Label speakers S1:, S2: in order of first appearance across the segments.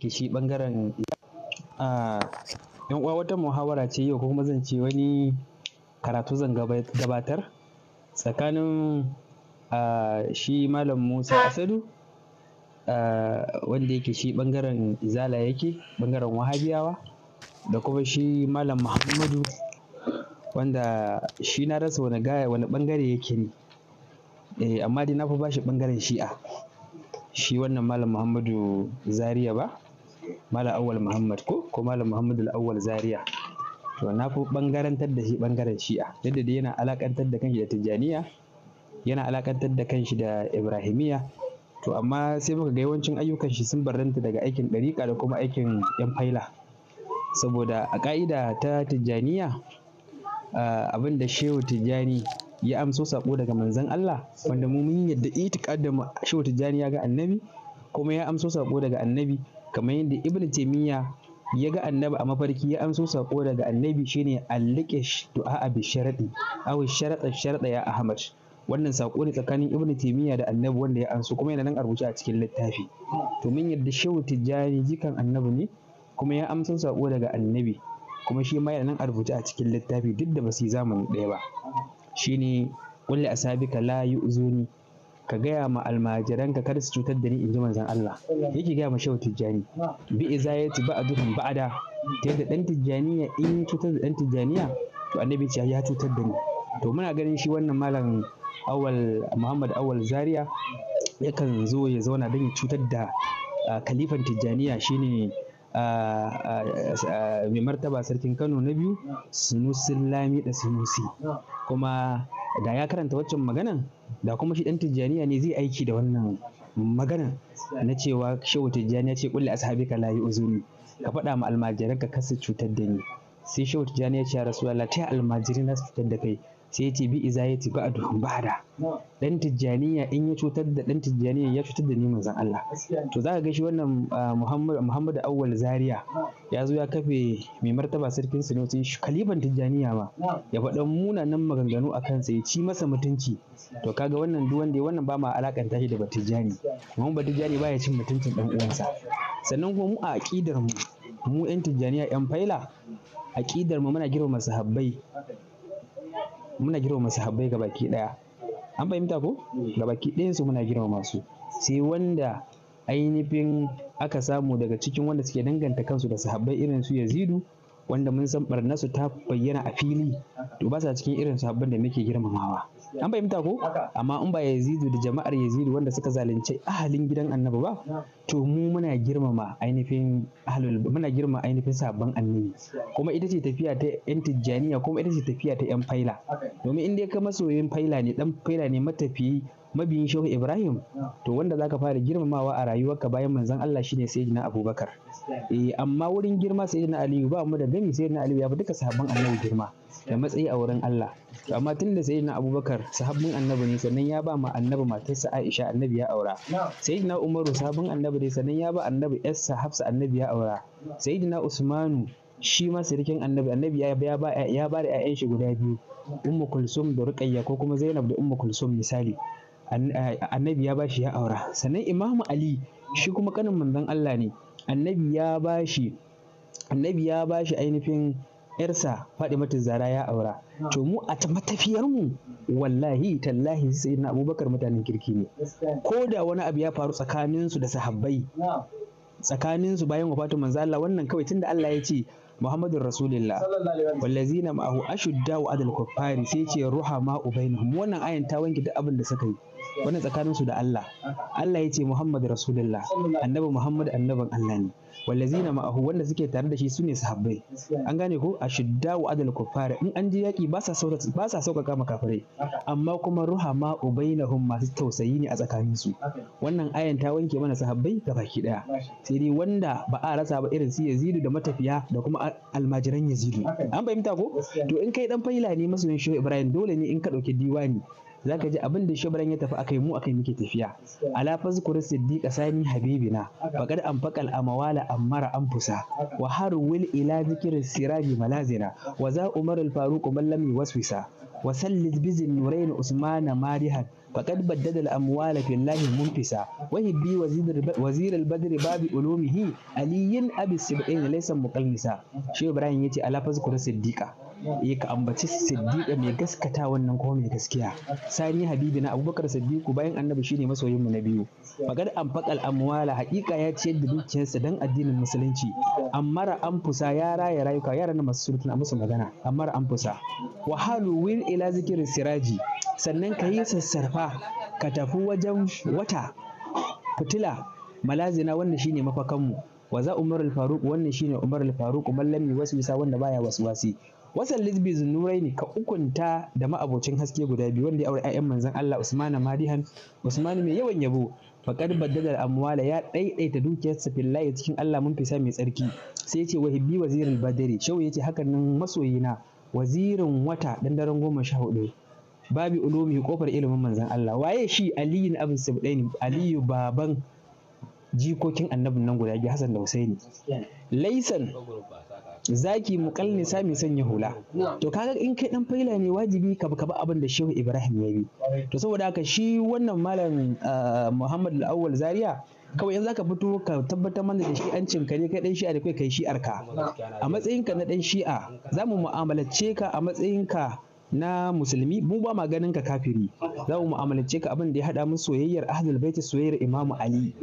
S1: shi bangaren a yan uwa wata muhawara ce yau ko kuma zan ce wani karatu zan gabatar tsakanin shi malam musa asadu wanda yake shi bangaren izala yake bangaren wahabiyawa da kuma shi malam muhammadu wanda shi na rasa wani gaya wani bangare yake ne eh, amma dai na fi bashi bangaren shi'a shi wannan malam muhammadu Zariya ba malam awal muhammad ko ko malam muhammad awal zaria to na fi bangarantar da shi bangaren shi'a yadda dai yana alakantar da kanshi da tijjaniya yana alakantar da kanshi da Ibrahimiyya to amma sai muka ga yawancin ayyukan shi sun barranta daga aikin ɗariƙa da kuma aikin yan faila saboda a ƙa'ida ta tijjaniya abin da shehu tijjani ya amso sako daga manzon Allah wanda mu mun yadda itiqadin shehu tijjani ya ga annabi kuma ya amso sako daga annabi kamar yadda ibn taimiyya ya ga annabi a mafarki ya amso sako daga annabi shine alliqish du'a bi sharadi aw sharada sharada ya ahmad wannan sako ne tsakanin ibn taimiyya da annabi wanda ya amso kuma yana nan a rubuce a cikin littafi to mun yadda shehu tijjani jikan annabi ne kuma ya amsa sako daga annabi kuma shi ma yana nan a rubuce a cikin littafi duk da ba su yi zamani ɗaya ba shine kulli asabika la yu'zuni ka gaya ma almajiran ka kada su cutar da ni in ji manzon Allah yake gaya ma shehu tijjani bi izayati ba'duhum ba'da ta yadda dan tijjaniya in cutar da dan tijjaniya to annabi ce ya cutar da ni to muna ganin shi wannan malam awal muhammad awal zaria yakan zo ya zauna don ya cutar da ah, kalifan tijjaniya shine ah, ah, mai martaba sarkin kano na biyu sunusin lami da sunusi kuma da ya karanta waccan maganan da kuma shi dan tijjaniya ne zai aiki da wannan maganan na cewa shehu tijjaniya ce kulli ashabika la uzuri ka faɗa ma almajiranka ka kasa cutar da ni sai shehu tijjaniya ce ya rasulullah ta almajirin na su cutar da kai sai yace bi iza yati ba ba'da dan tijjaniya in ya cutar da dan tijjaniya ya cutar da ni manzon Allah to zaka ga shi wannan ah, Muhammad Muhammad Awwal Zaria ya zo ya kafe mai martaba sarkin shi kaliban tijjaniya ma ya faɗa munanan maganganu akan sa ya ci masa mutunci to kaga wannan duk wanda wannan ba ma alakan tashi da batijjani kuma batijjani ya cin mutuncin dan uwansa sannan kuma mu a aqidar mu mu yan tijjaniya yan faila aqidar mu muna girma sahabbai muna girmama sahabbai ga baki daya an fahimta ko ga baki ɗayan su muna girmama su sai wanda ainihin aka samu daga cikin wanda suke danganta kansu da sahabbai irin su yazidu wanda mun san barnasu ta bayyana a fili to ba sa cikin irin sahabban da muke girmamawa an fahimta ko amma in ba yazidu da jama'ar yazidu wanda suka zalunce ahalin gidan annabi ba to mu muna girmama ainihin ahalul muna girma ainihin sabon annabi kuma ita ce tafiya ta yan tijjaniya kuma ita ce tafiya ta yan faila domin in dai ka masoyin faila ne dan faila ne matafiyi mabiyin shehu ibrahim to wanda zaka fara girmamawa a rayuwarka bayan manzon Allah shine sayyidina abubakar eh amma wurin girma sayyidina aliyu ba mu da gani sayyidina aliyu ya fi duka sabon annabi girma da matsayi a wurin Allah to amma tun da sayyidina Abubakar sahabbin annabi ne sannan ya ba ma annabi matarsa Aisha annabi ya aura sayyidina Umaru sahabbin annabi ne sannan ya ba annabi yarsa Hafsa annabi ya aura sayyidina Usmanu shi ma sirikin annabi annabi ya ba ya ba da ƴaƴan shi guda biyu ummu kulsum da ruqayya ko kuma zainab da ummu kulsum misali annabi ya ba shi ya aura sannan imamu ali shi kuma kanin manzon Allah ne annabi ya shi annabi ya shi ainihin yarsa mata Zara ya aura to mu a matafiyar mu wallahi tallahi na Abubakar mutanen kirki ne ko da wani abu ya faru tsakanin su da sahabbai tsakanin su bayan wa manzo Allah wannan kawai tunda Allah ya ce Muhammadur Rasulullah wallazina ma'ahu ashudda wa adal kuffari sai ce ruhama ubainahum wannan ayan ta wanke duk abin da suka yi Wannan tsakanin su da Allah Allah ya ce Muhammad Rasulullah annabi Muhammad annaban Allah ne wallazina ma'ahu wanda suke tare da shi sune sahabbai an gane ko wa adal kuffar in an ji yaki ba sa saurata ba sa sauƙaƙa ma kafirai amma kuma ruhama ubainahum masu tausayi ne a tsakanin su wannan ayan ta wanke mana sahabbai baki daya sai dai wanda ba a rasa ba irin su Yazidu da matafiya da kuma almajiran Yazidu an fahimta ko to in kai dan faila ne yin Shehu Ibrahim dole ne in ka dauki diwani za ka ji abin da shubran ya tafi akai mu akai muke tafiya ala fazkur siddiqa sani habibina faqad anfaqal Amawala ammara anfusa wa har wil ila zikr sirabi malazina wa za umar al faruq man lam yuwaswisa wa sallid bizin nurain Usman marihan faqad baddada al amwala fillahi munfisa wa hibbi wazir al badri babi ulumihi aliyin abi sib'in laysa muqallisa shi ibrahim yace ala fazkur siddiqa eh ka ambaci siddiqa mai gaskata wannan kuma mai gaskiya sani habibi na abubakar siddiqu bayan annabi shine masoyinmu na biyu magar an faƙal amwala haƙiƙa ya ciyar da dukiyarsa don addinin musulunci amara an fusa ya raya rayuka yaran na masu surutun a musu magana amara an fusa wahalu wil ila zikirin siraji sannan ka yi sassarfa ka tafi wajen wata fitila malazina wannan shine mafakanmu wa za umar al-faruq wannan shine umar al-faruq man wasu wanda baya wasu wasi wasan lisbi zunurai ne ka ukunta da ma'abocin haske guda biyu wanda ya aure 'ya'yan manzan Allah Usman Madihan Usman mai yawan yabo faƙar baddadar amwala ya ɗaiɗaita dukiyarsa fillahi cikin Allah mun fisa mai tsarki sai ce bi wazirin badari shau ya ce hakan nan masoyina wazirin wata dan daren goma sha hudu babi ulumi kofar ilimin manzan Allah waye shi aliyu na abin sabdaini aliyu baban jikokin annabin nan guda biyu Hassan da Husaini laisan zaki muƙallisa mai sanya hula to kaga in kai dan faila ne wajibi ka ba abin da shehu ibrahim ya yi. to saboda haka shi wannan malam eh, muhammad al-awwal zaria kawai yanzu ka fito ka tabbatar mana da shi'ancin ka ne kai dan shi'a da kai kai shi'ar ka a matsayinka na dan shi'a zamu mu'amalace ka a matsayin ka na musulmi mu ba ma ganin ka kafiri za mu mu'amalance ka abin da ya haɗa mu soyayyar ahlul baiti soyayyar imamu ali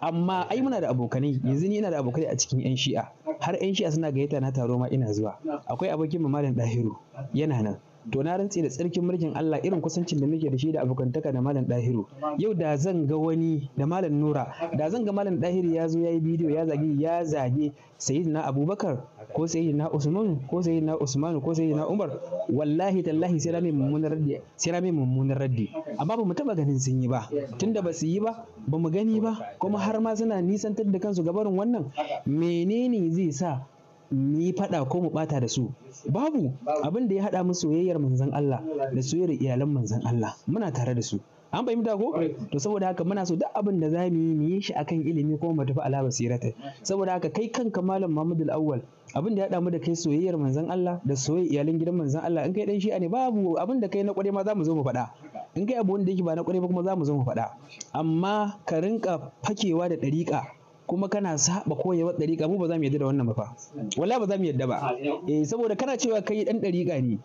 S1: amma ai muna da abokanai yanzu ni ina da abokai a cikin yan shi'a har yan shi'a suna gayyata na taro ma ina zuwa akwai abokin mu malam dahiru yana nan to na rantse da tsarkin mulkin Allah irin kusancin da muke da shi da abokantaka da malam Dahiru yau da zan ga wani da malam Nura da zan ga malam Dahiru ya zo ya yi bidiyo ya zage ya zage sayyidina Abubakar ko sayyidina Usman ko sayyidina Usman ko sayyidina Umar wallahi tallahi sai rami mummunar raddi sai rami mummunar raddi amma ba mu taba ganin sun yi ba tunda ba su yi ba ba mu gani ba kuma har ma suna nisantar da kansu gabarin wannan menene zai sa mu yi faɗa ko mu ɓata da su babu abin da ya haɗa mu soyayyar manzon Allah da soyayyar iyalan manzon Allah muna tare da su an fahimta ko to saboda haka muna so duk abin da zamu yi mu yi shi akan ilimi ko mu tafi ala basirata saboda haka kai kanka malam Muhammadu al-Awwal abin da ya mu da kai soyayyar manzon Allah da soyayyar iyalan gidan manzon Allah in kai dan shi ne babu abin da kai na kware ma zamu zo mu faɗa in kai abu wanda yake ba na kware ba kuma zamu zo mu faɗa amma ka rinka fakewa da ɗariƙa kuma kana saba koyewar ɗariƙa mu ba za mu yadda da wannan ba fa wala ba za mu yadda ba eh saboda kana cewa kai dan ɗariƙa ne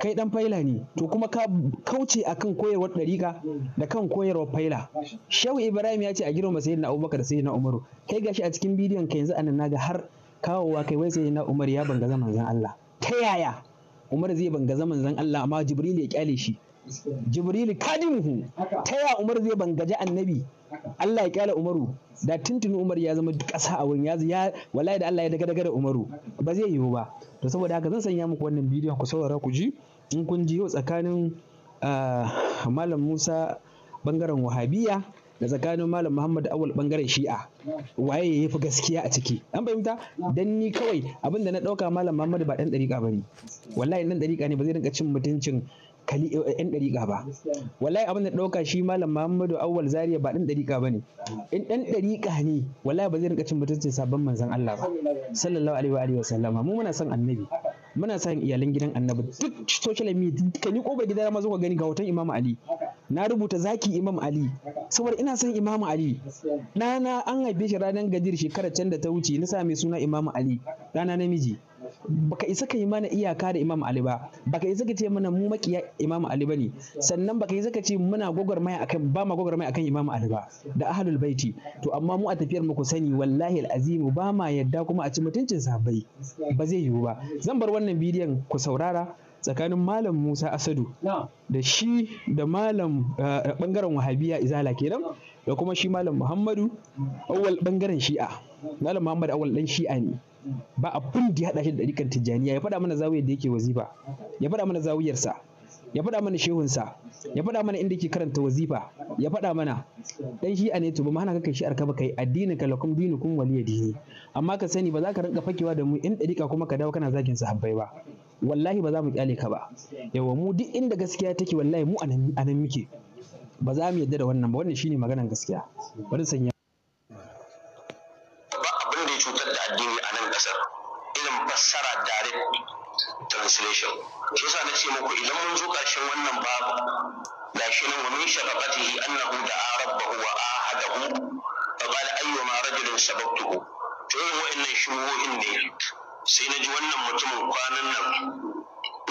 S1: kai ɗan faila ne to kuma ka kauce akan koyarwar ɗariƙa da kan koyarwar faila shehu ibrahim ya ce a girma sayyidina abubakar da sayyidina umaru kai gashi a cikin bidiyon ka yanzu anan naga har kawowa kai wai sayyidina umar ya banga zaman zan Allah ta yaya umar zai banga zaman zan Allah amma jibril ya kyale shi jibril kadimuhu ta yaya umar zai bangaji annabi Allah ya kyala Umaru da tuntuni Umar ya zama ƙasa a wurin ya wallahi da Allah ya daga da Umaru ba zai yiwu ba to saboda haka zan sanya muku wannan bidiyon ku saurara ku ji in kun ji yau tsakanin ah, Malam Musa bangaren Wahabiya da tsakanin Malam Muhammad Awal bangaren Shi'a waye ya fi gaskiya a ciki an fahimta dan ni kawai abinda na ɗauka Malam Muhammad ba dan dariƙa bane wallahi ɗan dariƙa ne ba zai rinka cin mutuncin Eh, yan ɗariƙa ba wallahi abin da ɗauka shi malam muhammadu awwal zaria ba ɗan ɗariƙa ba ne in ɗan ɗariƙa ne wallahi ba zai rinka cin mutuncin sabon manzan allah ba sallallahu alaihi wa sallama mu muna son annabi muna son iyalan gidan annabi duk social media ka ni ba gida ma zo ka gani ga hoton imam ali na rubuta zaki imam ali saboda ina son imam ali na an haife shi ranar gajiyar shekarar can da ta wuce na sa mai suna imam ali rana namiji baka isa ka yi mana iyaka da Imam Ali ba baka isa ka ce mana mu makiya Imam Ali bane sannan baka isa ka ce muna mai akan ba ma mai akan Imam Ali ba da ahlul baiti to amma mu a tafiyar mu ku sani wallahi alazim ba ma yadda kuma a ci mutuncin sahabbai ba zai yiwu ba zan bar wannan bidiyon ku saurara tsakanin malam Musa Asadu da shi da malam eh, bangaren wahabiya izala kenan da kuma shi malam muhammadu awwal bangaren shi'a malam muhammadu awwal dan shi'a ne ba abin da ya haɗa shi da ɗarikan tijjaniya ya faɗa mana zawiyar da yake wazifa ya faɗa mana zawiyarsa ya faɗa mana shehunsa ya faɗa mana inda ke karanta wazifa ya faɗa mana dan shi'a ne to ba mana hana kai shi'ar ka ba kai addini ka lakum dinukum ya dini amma ka sani ba za ka rinka fakewa da mu in ɗariƙa kuma ka dawo kana zagin sahabbai ba wallahi ba za mu kyale ka ba yawa mu duk inda gaskiya take wallahi mu anan muke ba za mu yadda da wannan ba wannan shine maganan gaskiya bari sanya ba
S2: abin da ya cutar da addini a nan kasar irin fassara direct translation shi yasa na ce muku idan mun zo ƙarshen wannan babu gashi nan wa min shafaqatihi annahu da rabbahu wa ahadahu fa qala ma rajulin sababtuhu to irin wa'annan shubuhin ne sai na ji wannan mutumin kwanan nan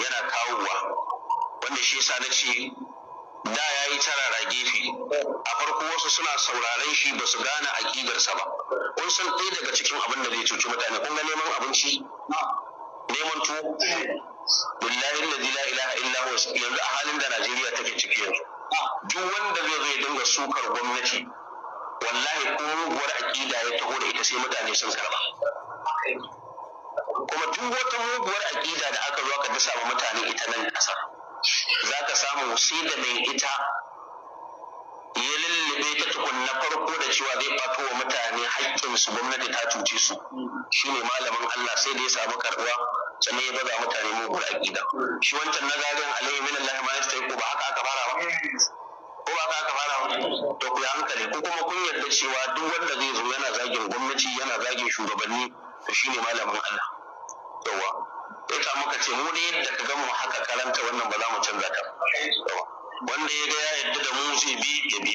S2: yana kawowa wanda shi yasa na ce da ya yi tarara gefe a farko wasu suna sauraren shi ba su gane aƙidarsa ba kun san ɗaya daga cikin abin da zai cuci mutane kun ga neman abinci neman tuwo billahi alladhi la ilaha illa huwa yanzu a halin da Najeriya take ciki yanzu duk wanda zai zo ya dinga sukar gwamnati wallahi ko muguwar aƙida ya taho da ita sai mutane sun karba kuma duk wata muguwar aƙida da aka zo aka dasa wa mutane ita nan ƙasar
S3: za ka samu sai da mai ita
S2: ya lullube ta tukun na farko da cewa zai fato wa mutane haƙƙinsu gwamnati ta cuce su shine malamin Allah sai da ya samu karɓuwa sannan ya baza mutane gura aƙida shi wancan na zagayen alayhi min Allah ma ko ba haka aka fara ba ko ba haka aka fara ba to ku hankali ko kuma kun yarda cewa duk wanda zai zo yana zagin gwamnati yana zagin shugabanni to shine malamin Allah yawa ya muka ce mu ne yadda ka gama haka karanta wannan ba za mu canza ta wanda ya ga ya yadda da mu zai bi ya bi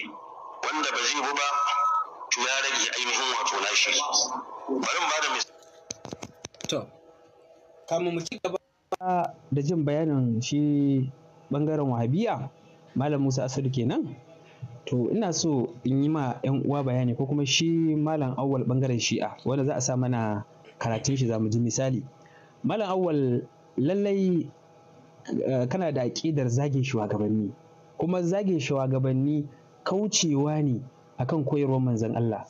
S2: wanda ba zai bi ba to ya rage ainihin wato nashi bari mu bada
S1: to kamun mu ci gaba da jin bayanin shi bangaren wahabiya malam Musa Asadu kenan to ina so in yi ma yan uwa bayani ko kuma shi malam awwal bangaren shi'a wanda za a sa mana karatun shi za mu ji misali malam awwal lallai eh, kana da aƙidar zagin shugabanni kuma zagin shugabanni kaucewa ne akan koyarwar manzan Allah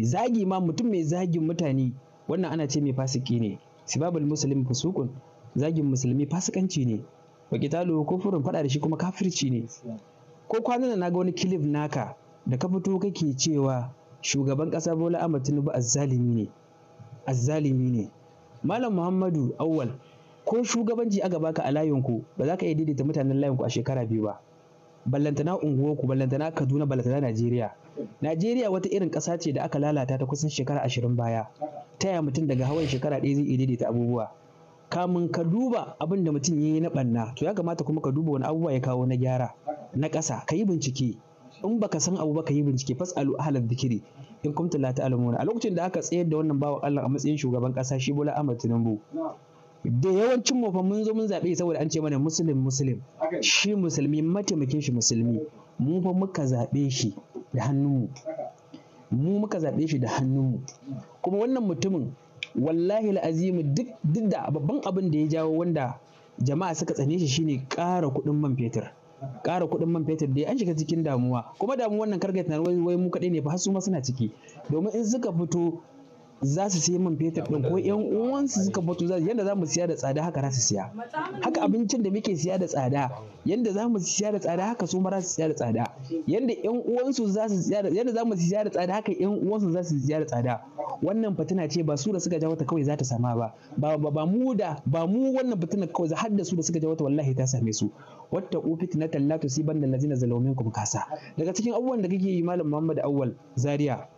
S1: zagi ma mutum mai zagin mutane wannan ana ce mai fasiki ne sibabul muslim fusukun zagin musulmi fasikanci ne wa qitalu kufrun fada da shi kuma kafirci ne ko kwanan na ga wani kilif naka da ka fito kake cewa shugaban ƙasa Bola Ahmed Tinubu azzalimi ne azzalimi ne Malam Muhammadu Auwal, ko shugabanci aka baka a layinku ba za ka iya daidaita mutanen layinku a shekara biyu ba. Ballantana unguwarku, ballantana Kaduna, ballantana Najeriya. Najeriya wata irin ƙasa ce da aka lalata ta kusan shekara ashirin baya. Taya mutum daga hawan shekara ɗaya zai iya daidaita abubuwa. Kamun ka duba abin da mutum ya yi na ɓanna, to ya kamata kuma ka duba wani abubuwa ya kawo na gyara, na ƙasa, ka yi bincike. in baka san abu baka yi bincike fasalu ahlal dhikri in kuntum la ta'lamuna a lokacin da aka tsayar da wannan bawan Allah a matsayin shugaban kasa shi Bola Ahmad Tinubu da yawancin mu fa mun zo mun zabe saboda an ce mana muslim muslim shi musulmi mataimakin shi musulmi mu fa muka zabe shi da hannunmu mu muka zabe shi da hannunmu kuma wannan mutumin wallahi la'azimu duk duk da babban abin da ya jawo wanda jama'a suka tsane shi shine ƙara kuɗin man fetur ƙara kuɗin man fetur dai an shiga cikin damuwa kuma damuwan nan karga tunanin wai mu kaɗai ne fa har su ma suna ciki domin in suka fito za su sayi man fetur ɗin ko yan uwansu suka fito za yanda za mu siya da tsada haka za su siya haka abincin da muke siya da tsada yanda za mu siya da tsada haka su ma za su siya da tsada yanda yan uwansu za su siya yanda za mu siya da tsada haka yan uwansu za su siya da tsada wannan fitina ce ba su da suka jawo ta kawai za ta sama ba ba ba mu da ba mu wannan fitina kawai za har da su da suka jawo ta wallahi ta same su wata ufit na tallatu siban da lazina zalaumin kum kasa daga cikin abubuwan da kake yi malam Muhammad Awwal Zaria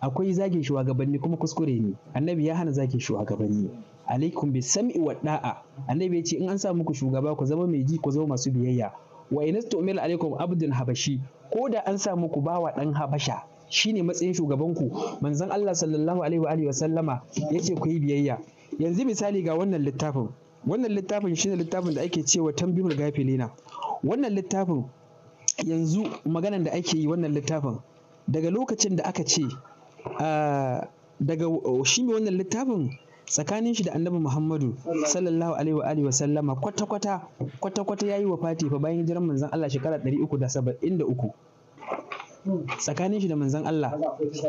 S1: akwai zagin shugabanni kuma kuskure ne annabi ya hana zagin shugabanni alaikum bi sam'i wa da'a annabi ya ce in an sa muku shugaba ku zama mai ji ku zama masu biyayya wa in tu'mil alaikum abdun habashi ko da an sa muku bawa dan habasha shine matsayin shugabanku manzon Allah sallallahu alaihi wa alihi wa sallama yace ku yi biyayya yanzu misali ga wannan littafin wannan littafin shine littafin da ake cewa tambihul gafilina wannan littafin yanzu maganan da ake yi wannan littafin daga lokacin da aka ce Ah, daga oh, shi mai wannan littafin tsakanin shi da annabi muhammadu sallallahu alaihi wa alihi sallama kwata kwata kwata kwata yayi Fati fa bayan jiran manzon Allah shekara 373 tsakanin shi da manzon Allah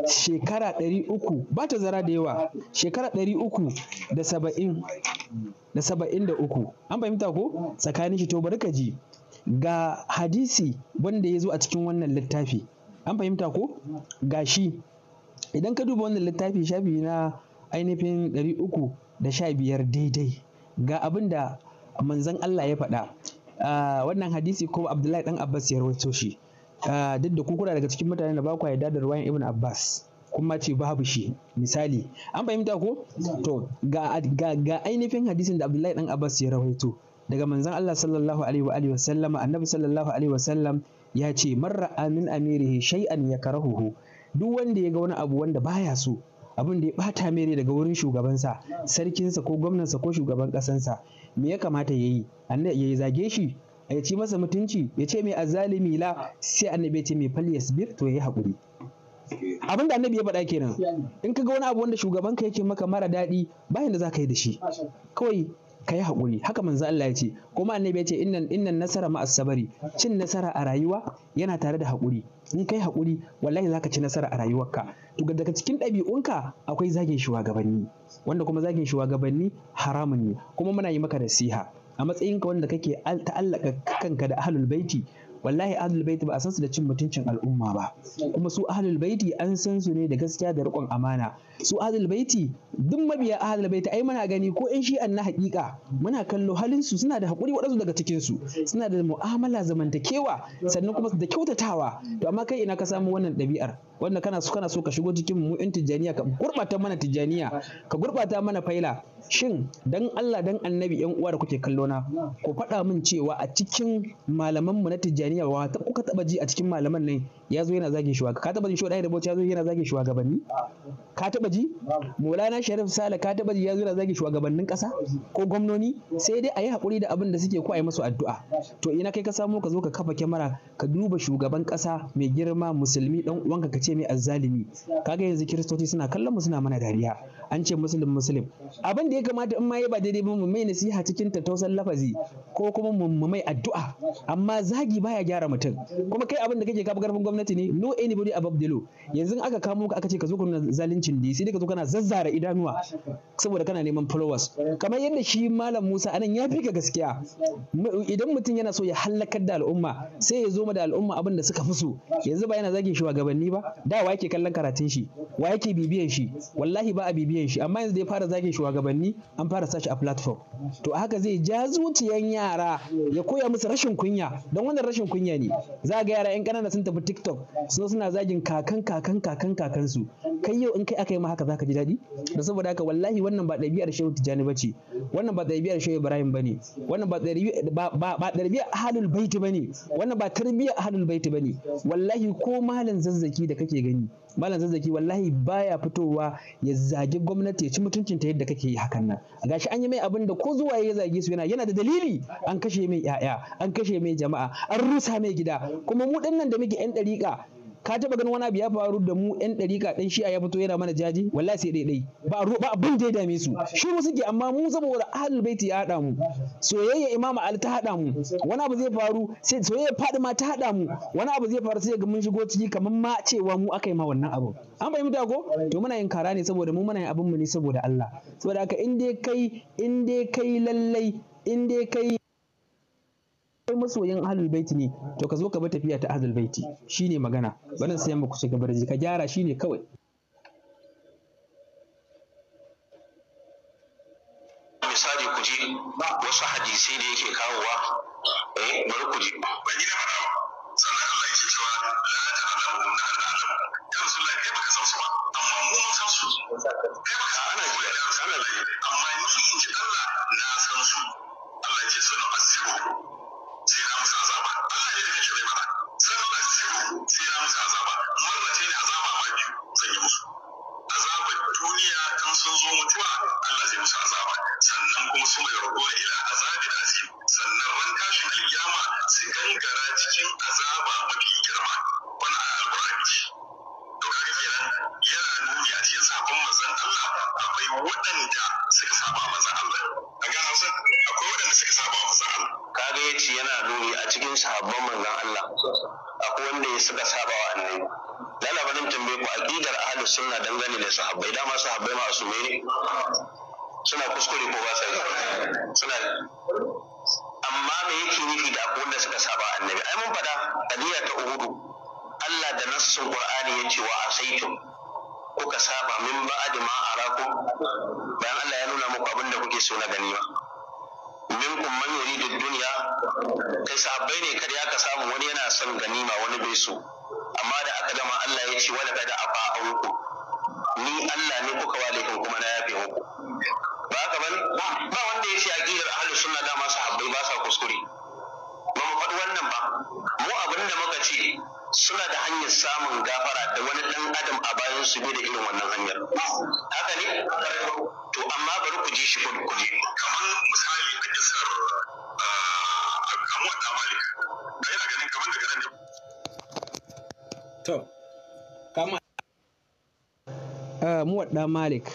S1: shekara 300 ba ta zara da yawa shekara 300 da saba'in da uku, an fahimta ko tsakanin shi to bari ka ji ga hadisi wanda ya zo a cikin wannan littafi an fahimta ko gashi idan ka duba wannan littafi shafi na ainihin ɗari uku da sha biyar daidai ga abin da manzan Allah ya faɗa wannan hadisi ko Abdullahi ɗan Abbas ya rawaito shi duk da kuna daga cikin mutanen da ba ku yarda da ruwayan Ibn Abbas kuma ce babu shi misali an fahimta ko to ga, ainihin hadisin da Abdullahi ɗan Abbas ya rawaito daga manzan Allah sallallahu alaihi wa alihi annabi sallallahu alaihi ya ce man ra'a min amirihi shay'an yakrahuhu duk wanda ya ga wani abu wanda baya so abin da ya bata mere daga wurin shugabansa sarkinsa ko gwamnansa ko shugaban kasansa me ya kamata ya yi ya zage shi a ci masa mutunci ya ce mai azalimi la sai annabi ya ce mai fal yasbir to yayi hakuri abin da annabi ya faɗa kenan in ka ga wani abu wanda shugabanka yake maka mara daɗi bayan da za ka yi da shi kawai ka yi haƙuri haka manzo Allah ya ce kuma annabi ya ce innan innan nasara ma'as sabari cin nasara a rayuwa yana tare da haƙuri in kai haƙuri wallahi zaka ci nasara a rayuwarka to daga cikin ɗabi'unka akwai zagin shugabanni wanda kuma zagin shugabanni haramun ne kuma muna yi maka nasiha a matsayinka wanda kake ta'allaka kanka da ahlul baiti wallahi ahlul baiti ba a san su da cin mutuncin al'umma ba kuma su ahlul baiti an san su ne da gaskiya da rikon amana su ahlul baiti duk mabiya ahlul baiti ai muna gani ko in shi na haƙiƙa muna kallo halin su suna da haƙuri waɗansu daga cikin su suna da mu'amala zamantakewa sannan kuma da kyautatawa to amma kai ina ka samu wannan ɗabi'ar wanda kana so kana so ka shigo cikin mu in tijjaniya ka gurɓata mana tijjaniya ka gurbata mana faila shin dan Allah dan annabi yan uwa da kuke kallona ku faɗa min cewa a cikin malaman mu na tijjaniya tijjaniya wa kuka taɓa ji a cikin malaman ne? ya zo yana zagin shuwa ka taba jin shuwa da bauchi ya zo yana zagin shugabanni ka taba ji maulana sharif sale ka taba ji ya zo yana zagin shugabannin kasa ko gwamnoni sai dai a yi hakuri da abin da suke ko a yi musu addu'a to ina kai ka samu ka zo ka kafa kyamara ka duba shugaban kasa mai girma musulmi dan uwanka ka ce mai azzalimi kaga yanzu kiristoci suna kallon mu suna mana dariya an ce musulun musulun abin da ya kamata in ma yi ba daidai ba mu mai nasiha cikin tattausan lafazi ko kuma mu mai addu'a amma zagi baya gyara mutum kuma kai abin da kake kafa karfin gwamnati gwamnati ne no anybody above the law yanzu aka kamo ka aka ce ka zo nuna zaluncin da sai dai ka zo kana zazzara idanuwa saboda kana neman followers kamar yadda shi malam Musa anan ya fi ka gaskiya idan mutum yana so ya halakar da al'umma sai ya zo da al'umma abin da suka fi so yanzu ba yana zagin shugabanni ba da wa yake kallon karatun shi wa yake bibiyan shi wallahi ba a bibiyan shi amma yanzu da ya fara zagin shugabanni an fara sashi a platform to haka zai ja zuciyan yara ya koya musu rashin kunya don wannan rashin kunya ne za ga yara yan kanana sun tafi tiktok sun suna zagin kakan kakan kakan kakan su kai yau in kai aka yi ma haka zaka ji daɗi da saboda haka wallahi wannan ba ɗabi'ar shehu tijjani bace wannan ba ɗabi'ar shehu ibrahim bane wannan ba ɗabi'ar Halul baiti bane wannan ba tarbiyyar Halul baiti bane wallahi ko malam zazzaki da kake gani malam zazzaki wallahi baya fitowa ya zagi gwamnati ya ci mutuncin ta yadda kake yi hakan nan gashi an yi mai abin da ko zuwa ya zage su yana yana da dalili an kashe mai yaya an kashe mai jama'a an rusa mai gida kuma mu dinnan da muke yan dariƙa ka taba ganin wani abu ya faru da mu yan ɗarika ɗan shi'a ya fito yana mana jaji wallahi sai dai dai ba ba abin da ya dame su shiru suke amma mu saboda ahlul baiti ya haɗa mu soyayya imama ali ta haɗa mu wani abu zai faru sai soyayya fadima ta haɗa mu wani abu zai faru sai ga mun shigo ciki kamar ma cewa mu aka yi ma wannan abu an bai muta ko to muna yin kara ne saboda mu muna yin abin mu ne saboda Allah saboda haka in dai kai in dai kai lallai in dai kai kai masoyin ahlul baiti ne to ka zo ka bi tafiya ta ahlul baiti shine magana barin sai mu kuce gaba ka gyara shine kawai
S2: misali ku ji wasu hadisai da yake kawowa eh bari ku ji ba ni da fara sannan Allah ya ce cewa la
S3: ta'lamu na Allah ya Rasulullah kai baka san su ba amma mu mun san su kai baka ana da ana ji amma ni in ji Allah na san su Allah ya ce sunu azibu sai na musu azaba Allah na sai na musu azaba ne azaba biyu zan yi musu azabar duniya in sun zo mutuwa Allah zai musu azaba sannan kuma su mai rago ila azabi da sannan ran tashin alkiyama su gangara cikin azaba mafi girma wannan ya nuni a cikin sabon manzon Allah
S2: akwai waɗanda suka saba manzon Allah a ga Hausa akwai waɗanda suka saba manzon Allah kaga yace yana nuni a cikin sabon manzon Allah akwai wanda ya suka saba wa annabi lalaba nan tambaye ku aqidar ahlus sunna dangane da sahabbai dama sahabbai ma su ne suna kuskure ko ba sa yi suna amma me yake nufi da akwai wanda suka saba annabi ai mun faɗa kadiya ta Allah da nassun Qur'ani ya ce wa asaitum kuka saba min ba'di ma arakum bayan Allah ya nuna muku abinda kuke so na ganima minkum man yuridu dunya kai sahabbai ne kada ya ka samu wani yana son ganima wani bai so amma da aka gama Allah ya ce wala kada afa auku ni Allah ne kuka wa kuma na yafe muku ba haka ba wanda ya ce aqidar ahlus sunna da ma sahabbai ba sa kuskure faɗi wannan ba mu abin da muka ce suna da hanyar samun gafara da wani ɗan adam a bayan su bai da irin wannan hanyar haka ne to amma bari ku ji shi ku ji kamar misali a kisar ah, amuwa malik ai na ganin kamar daga nan ne
S1: to kama ah, muwadda malik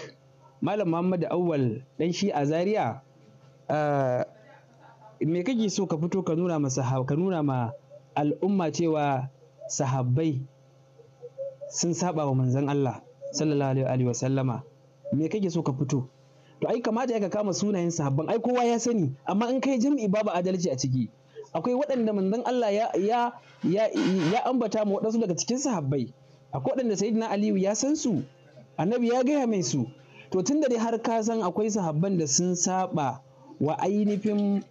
S1: malam muhammad awwal dan shi a zaria ah, me kake so ka fito ka nuna ma ka nuna ma al'umma cewa sahabbai sun saba wa manzon Allah sallallahu alaihi wa sallama me kake so ka fito to ai kamata ya ka kama sunayen sahabban ai kowa ya sani amma in kai jam'i babu adalci a ciki akwai waɗanda manzon Allah ya ya ya, ambata mu waɗansu daga cikin sahabbai akwai waɗanda sayyidina Aliyu ya san su annabi ya gaya mai su to tun da dai har ka san akwai sahabban da sun saba wa ainihin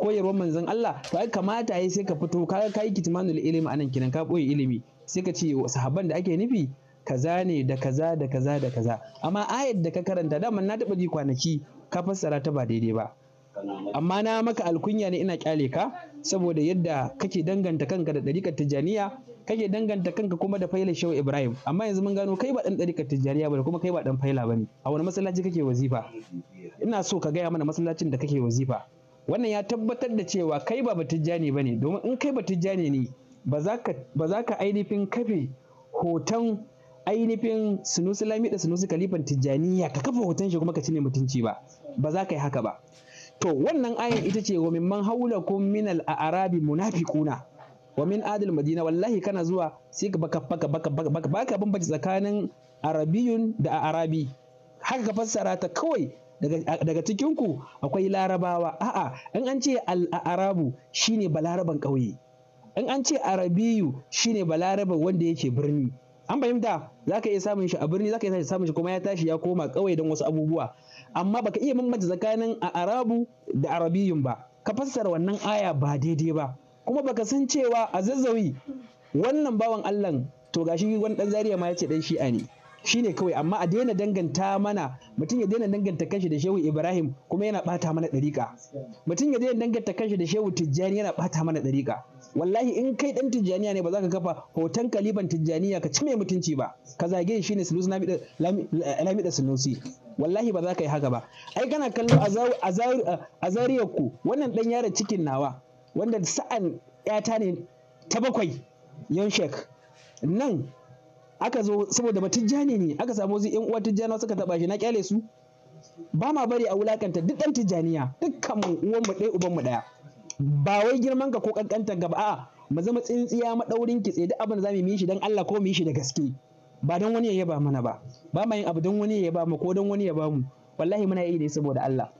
S1: koyarwar manzon Allah to ai kamata yayi sai ka fito ka kai kitmanul ilimi anan kinan ka boye ilimi sai ka ce sahabban da ake nufi kaza ne da kaza da kaza da kaza amma ayat da ka karanta daman na taba ji kwanaki ka fassara ta ba daidai ba amma na maka alkunya ne ina kyale ka saboda yadda kake danganta kanka da ɗarikar tijjaniya kake danganta kanka kuma da faila shehu ibrahim amma yanzu mun gano kai ba ɗan ɗarikar tijjaniya ba kuma kai ba ɗan faila ba a wani masallaci kake wazifa ina so ka gaya mana masallacin da kake wazifa wannan ya tabbatar da cewa kai ba batijjani ba ne domin in kai batijjani ne ba za ka ainihin kafe hoton ainihin sunusi lami da kalifan tijjaniya ka kafa hoton shi kuma ka ne mutunci ba ba za ka yi haka ba to wannan ayan ita ce wa mimman Kun minal a arabi munafikuna wa min adil madina wallahi kana zuwa sai ka baka baka baka baka baka bambanci tsakanin arabiyun da arabi haka ka fassara ta kawai daga cikinku akwai larabawa a'a in an ce al'arabu shine balaraban ƙauye in an ce arabiyu shine balaraban wanda yake birni an fahimta za ka iya samun shi a birni za ka iya samun shi kuma ya tashi ya koma ƙauye don wasu abubuwa amma baka iya bambanta tsakanin arabu da arabiyun ba ka fassara wannan aya ba daidai ba kuma baka san cewa a zazzawi wannan bawan allah to gashi wani dan zariya ma yace ce dan shi'a ne shi ne kawai amma a daina danganta mana mutum ya daina danganta kanshi da shehu ibrahim kuma yana bata mana ɗariƙa mutum ya daina danganta kanshi da shehu tijjani yana bata mana ɗariƙa wallahi in kai ɗan tijjaniya ne ba za ka kafa hoton kaliban tijjaniya ka ci mai mutunci ba ka zage shi ne sulusu lamida sulusi wallahi ba za ka yi haka ba ai kana kallo a Zariya ku wannan dan yaron cikin nawa wanda sa'an 'yata ne ta bakwai yon shek nan aka zo saboda matijjani ne aka samu wasu yan uwa tijjana suka taba shi na kyale su ba ma bari a wulakanta duk dan tijjaniya dukkan mu uwan mu ɗaya uban mu ɗaya ba wai girman ka ko kankanta gaba a'a mu zama tsintsiya madaurin kitse duk abin da zamu yi shi dan Allah ko mu yi shi da gaske ba don wani ya yaba mana ba ba ma yin abu don wani ya yaba mu ko don wani ya ba mu wallahi muna yi ne saboda Allah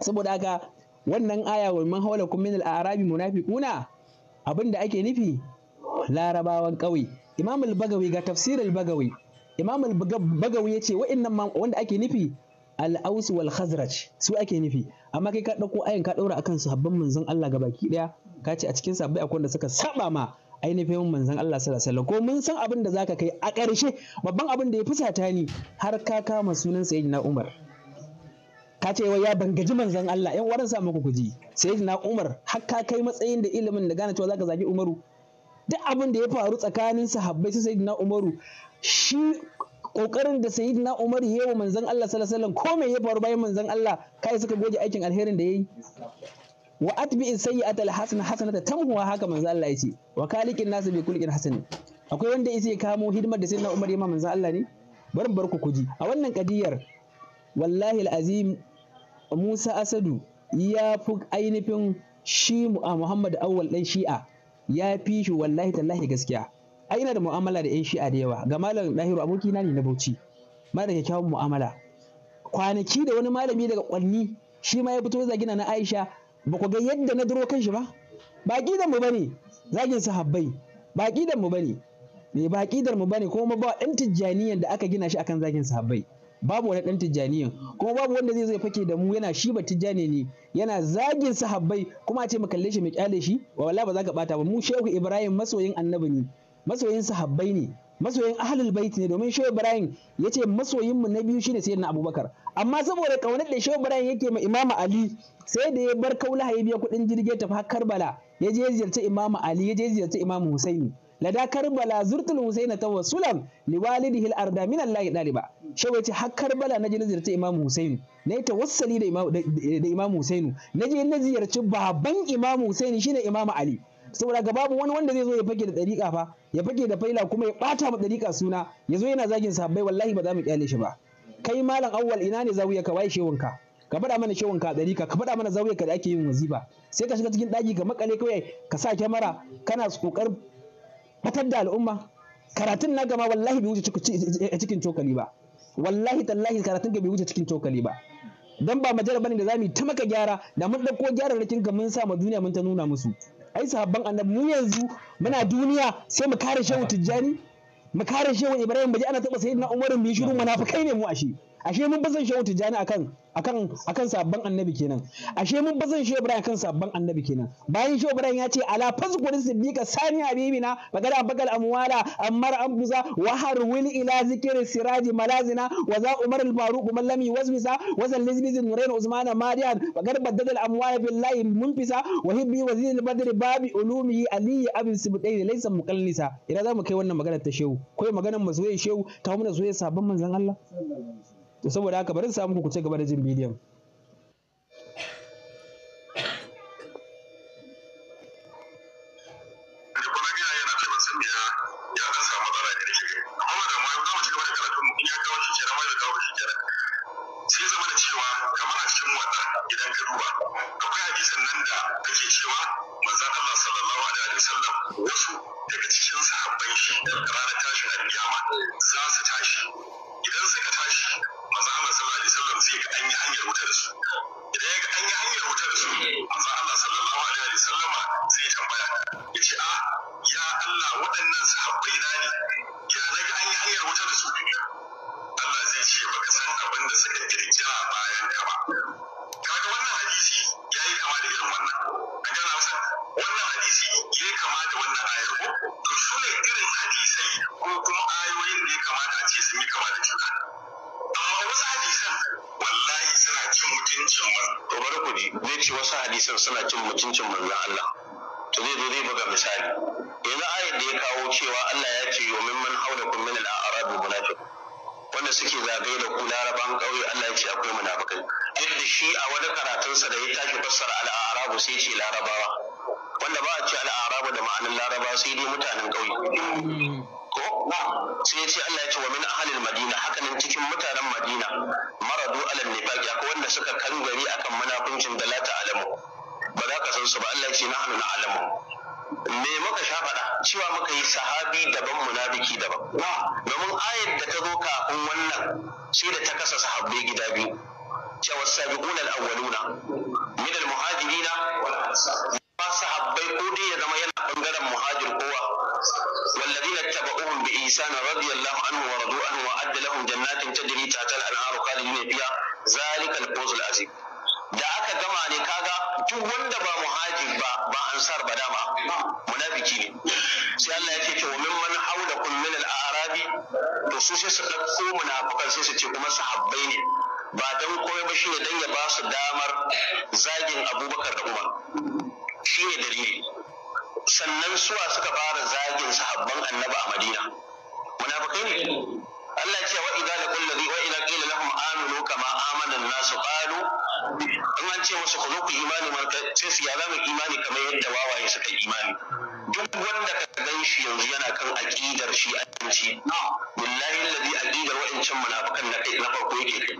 S1: saboda haka wannan aya wa man hawla kum min al-arabi munafiquna abinda ake nufi larabawan kauye Imam al-Bagawi ga tafsir al-Bagawi Imam al-Bagawi yace wa'annan wanda ake nufi al-Aus wal Khazraj su ake nufi amma kai ka dauko ayin ka daura akan habban manzon Allah gabaki daya ka ce a cikin sahabbai akwai wanda suka saba ma ainihin manzon Allah sallallahu alaihi ko mun san abin da zaka kai a ƙarshe babban abin da ya fusata ni har ka kama sunan sayyidina Umar ka ce wai ya bangaji manzon Allah yan waran sa muku kuji sayyidina Umar har ka kai matsayin da ilimin da gane cewa zaka zagi Umaru duk abin da ya faru tsakanin sahabbai su sayyidina umaru shi kokarin da sayyidina umaru yi wa manzon Allah sallallahu alaihi wasallam ko ya faru bayan manzon Allah kai suka goge aikin alherin da yayi wa atbi sayyi'ata alhasana hasanata tamhuwa haka manzon Allah yace wa kalikin nasu bi kulli hasan akwai wanda yace ya kamo hidimar da sayyidina Umar ya ma manzon Allah ne bari bar ku kuji a wannan kadiyar wallahi alazim Musa Asadu ya fi ainihin shi Muhammad Awwal dan Shi'a ya fi shi wallahi tallahi gaskiya ai ina da mu'amala da yan shi'a da yawa ga malam dahiru aboki na ne na bauchi ma da kyakkyawan mu'amala kwanaki da wani malami daga kwanni shi ma ya fito zagina na aisha ba ku ga yadda na duro kan shi ba ba kidan mu bane zagin sahabbai ba kidan mu bane ne ba kidan mu bane kuma ba dan tijjaniyan da aka gina shi akan zagin sahabbai babu wani ɗan tijjaniyan kuma babu wanda zai zai fake da mu yana shi ba tijjani ne yana zagin sahabbai kuma a ce mu kalle shi mu kyale shi "Wa wallahi ba za ka bata ba mu shehu ibrahim masoyin annabi ne masoyin sahabbai ne masoyin ahlul baiti ne domin shehu ibrahim ya ce masoyin mu na biyu shine sayyidina abubakar amma saboda kaunar da shehu ibrahim yake ma imam ali sai da ya bar kaula ya biya kuɗin jirgin tafi har karbala ya je ziyarci imam ali ya je ziyarci imam husaini lada karbala zurtul ta tawassulan li walidihi al-arda min Allah daliba shawai ce har karbala naje na ziyarci imamu husainu nayi tawassali da imamu da imamu husainu na ziyarci baban imamu husaini shine imamu ali saboda ga babu wani wanda zai zo ya fake da dariƙa fa ya fake da faila kuma ya bata ma dariƙa suna ya zo yana zagin sahabbai wallahi ba za mu kyale shi ba kai malam awwal ina ne zawiya ka waye shewunka ka faɗa mana shewun ka ɗari ka faɗa mana zawiya ka da ake yin wazifa sai ka shiga cikin ɗaki ka makale kawai ka sa kyamara kana kokar batar da al'umma karatun na gama wallahi bai wuce cikin cokali ba wallahi tallahi karatun ga bai wuce cikin cokali ba dan ba majalar bane da zamu ta maka gyara da mun dauko gyararrakin ka mun sa ma duniya mun ta nuna musu ai sahabban annabi mu yanzu muna duniya sai mu kare shehu tijjani mu kare shehu ibrahim baje ana taba sayyidina umar mu shiru munafikai ne mu ashe ashe mun bazan shehu tijjani akan akan akan sabban annabi kenan ashe mun bazan shehu ibrahim akan sabban annabi kenan bayan shehu ibrahim ya ce ala fazkurin siddiqa sani habibina bagada bagal amwala ammar ambuza wa harwil ila zikri siraji malazina wa za umar al faruq man lam yuwasmisa wa zal lizbiz nurain usman madian bagada badal al amwala billahi munfisa wa hibbi wazir al badr babi ulumi ali abin sibdai laysa muqallisa idan mu kai wannan magana ta shehu kai maganar masoyi shehu ta mana soyayya sabon manzon Allah to saboda haka bari su samu ku ci gaba da jin bidiyon
S3: kansu manzo Allah sallallahu alaihi wa sallama zai tambaya yace a ah, ya Allah waɗannan sahabbai na ne ya naga an yi hanyar wuta da su Allah zai ce baka san abin da suka kirkira bayan ka ba kaga wannan hadisi yayi kama da irin wannan an gana masa wannan hadisi yayi kama da wannan ayar ko to su ne
S2: irin hadisai ko kuma ayoyin da ya kamata a ce sun yi kama da juna amma wasu hadisan wallahi suna cin mutuncin manzo bari ku ji zai ce wasu hadisan suna cin mutuncin manzon Allah to zai zo zai buga misali yanzu ayat da ya kawo cewa Allah ya ce wa man haula kun min al-a'rab munafiqun wanda suke zagaye da ku laraban ƙauye Allah ya ce akwai munafikai duk da shi a wani karatunsa da ya tashi fassara al'arabu sai ce larabawa wanda ba a ce al'arabu da ma'anin laraba sai dai mutanen ƙauye ko sai ya ce Allah ya ce wa min ahlil madina hakanan cikin mutanen madina maradu alal nifaqi akwai wanda suka kangari akan munafincin da la Alamu, ba za ka san su ba Allah ya ce nahnu na'lamu me muka sha faɗa cewa muka yi sahabi daban munafiki daban domin ayar da ta zo kafin wannan sai da ta kasa sahabbai gida biyu cewa sabiquna al-awwaluna min al-muhajirina ba sahabbai ko dai ya zama yana bangaren muhajir kowa والذين اتبعوهم بإحسان رضي الله عنه ورضوا عنه وأعد لهم جنات تجري تحت الأنهار خالدين فيها ذلك الفوز العظيم gama ne kaga duk wanda ba muhajir ba ba ansar ba dama munafiki ne sai Allah yake ce wa mimman haulakum min al-arabi to su sai su dauko munafikan sai su ce kuma sahabbai ne ba dan komai ba shine dan ya ba su damar zagin Abubakar da Umar shine dalili sannan suwa suka fara zagin sahabban Annabi a Madina munafikai ne Allah ce wa idza da ladhi wa idza qila lahum aminu kama amana an qalu in an ce musu ku zo ku imani sai su ya zama imani kamar yadda wawaye suka imani duk wanda ka gan shi yanzu yana kan aqidar shi anci billahi alladhi aqidar wa'ancan munafikan na kai na farko yake kai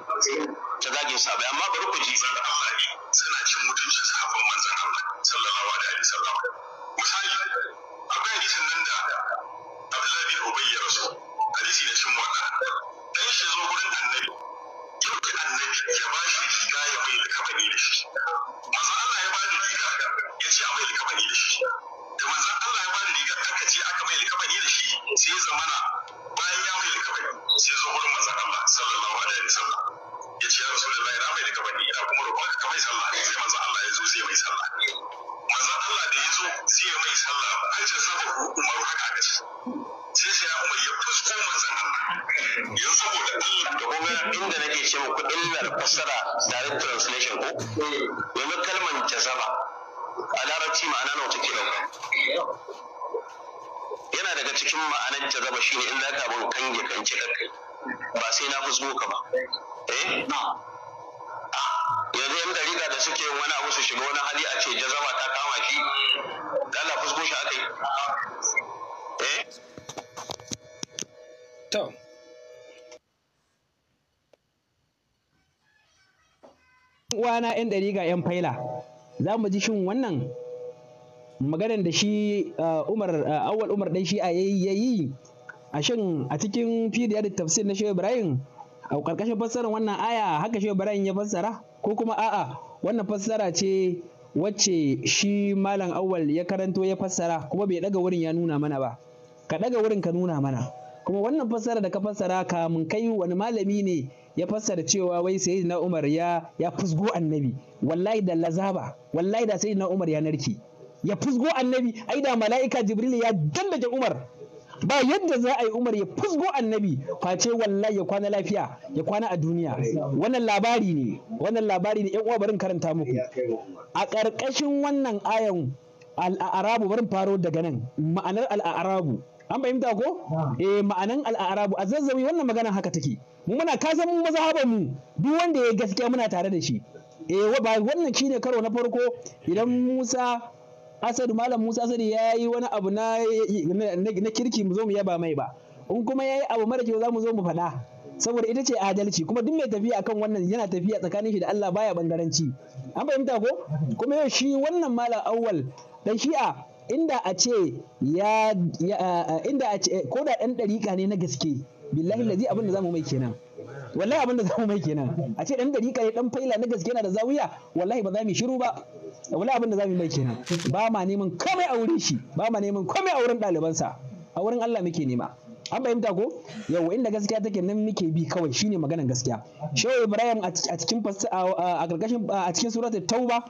S2: ta zagin sabai amma bari ku ji suna
S3: cin mutuncin sahabban manzon Allah sallallahu alaihi wasallam misali akwai hadisin nan da Abdullahi bin Ubayy rasul hadisi da cin wata dan shi zo gurin annabi yau ki annabi ya ba shi riga ya mai likafani da shi manzo Allah ya ba da riga ya ce a mai likafani da shi da manzo Allah ya ba da riga aka ce aka mai likafani da shi sai ya zamana bayan ya mai likafani sai zo gurin manzo Allah sallallahu alaihi wasallam ya ce ya rasulullahi na mai likafani ina kuma roƙon ka mai sallah sai manzo Allah ya zo sai ya mai sallah manzo Allah da ya zo sai mai sallah
S2: hajjar sabon umaru haka aka ce sai sai ya umar ya fusko manzan Allah yanzu saboda Allah da kuma inda nake ce muku illar fasara, direct translation ko Wani kalmar jazaba a larabci ma'ana nawa take dauka yana daga cikin ma'anar jazaba shine in zaka bin kange kanci kai ba sai na fusko ka ba eh ah,
S3: yanzu yan dariƙa da suke wani abu su shiga wani hali a ce jazaba ta kama shi
S2: Allah fusko shi akai. eh
S1: To. Wana 'yan ɗari ga 'yan faila, za mu ji shin wannan maganar da shi uh, Umar uh, awwal Umar ɗan shi a yayi a shin a cikin fidiyar tafsir na Shehu Ibrahim a ƙarƙashin fassarar wannan aya haka Shehu Ibrahim ya fassara ko kuma a'a wannan fassara ce wacce shi malam awwal ya karanto ya fassara kuma bai ɗaga wurin ya nuna mana ba ka ɗaga wurin ka nuna mana. kuma wannan fassara da ka fassara kamun kai wani malami ne ya fassara cewa wai sai na umar ya ya fusgo annabi wallahi da lazaba wallahi da sai umar ya narke, ya fusgo annabi ai da mala'ika jibril ya dallaje umar ba yadda za a yi umar ya fusgo annabi face wallahi ya kwana lafiya ya kwana a duniya wannan labari ne wannan labari ne yan uwa karanta muku a ƙarƙashin wannan ayan arabu barin faro daga nan ma'anar al'arabu an fahimta ko eh ma'anan al'arabu a zazzawi wannan magana haka take mu muna kasan mu mazhaban mu duk wanda ya gaskiya muna tare da shi eh ba wannan shine karo na farko idan Musa Asad Malam Musa Asad ya yi wani abu na na kirki mu zo mu yaba mai ba in kuma ya yi abu mara kyau za mu zo mu faɗa saboda ita ce adalci kuma duk mai tafiya akan wannan yana tafiya tsakanin shi da Allah baya bangaranci an fahimta ko kuma yau shi wannan malam awwal dan shi'a inda a ce ya inda a ce ko da ɗan ɗariƙa ne na gaske billahi lazi abin da zamu mai kenan wallahi abin da zamu mai kenan a ce ɗan ɗariƙa ne ɗan faila na gaske na da zawiya wallahi ba za mu shiru ba wallahi abin da zamu mai kenan ba ma neman komai a wurin shi ba ma neman komai a wurin ɗalibansa a wurin Allah muke nema an fahimta ko yau inda gaskiya take nan muke bi kawai shine maganar gaskiya shehu ibrahim a cikin a cikin suratul tauba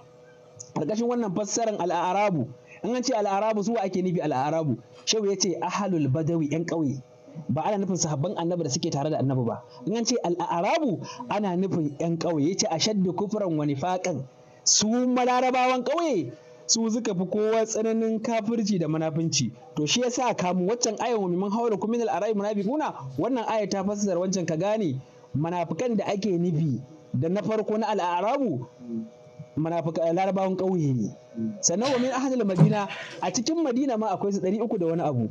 S1: ƙarƙashin wannan fassarar al-arabu in an ce al'arabu zuwa ake nufi al'arabu shehu ya ce ahalul badawi yan ƙauye ba ana nufin sahabban annabi da suke tare da annabi ba in an ce al'arabu ana nufin yan ƙauye ya ce ashaddu kufran wani nifaqan su malarabawan ƙauye su suka fi kowa tsananin kafirci da munafunci to shi yasa kamu waccan ayan wa mimman hawla kum min arai munafiquna wannan aya ta fassara wancan ka gane munafikan da ake nufi da na farko na al'arabu munafika eh, larabawan ƙauye ne sannan wa min ahlul madina a cikin madina ma akwai su ɗari uku da wani abu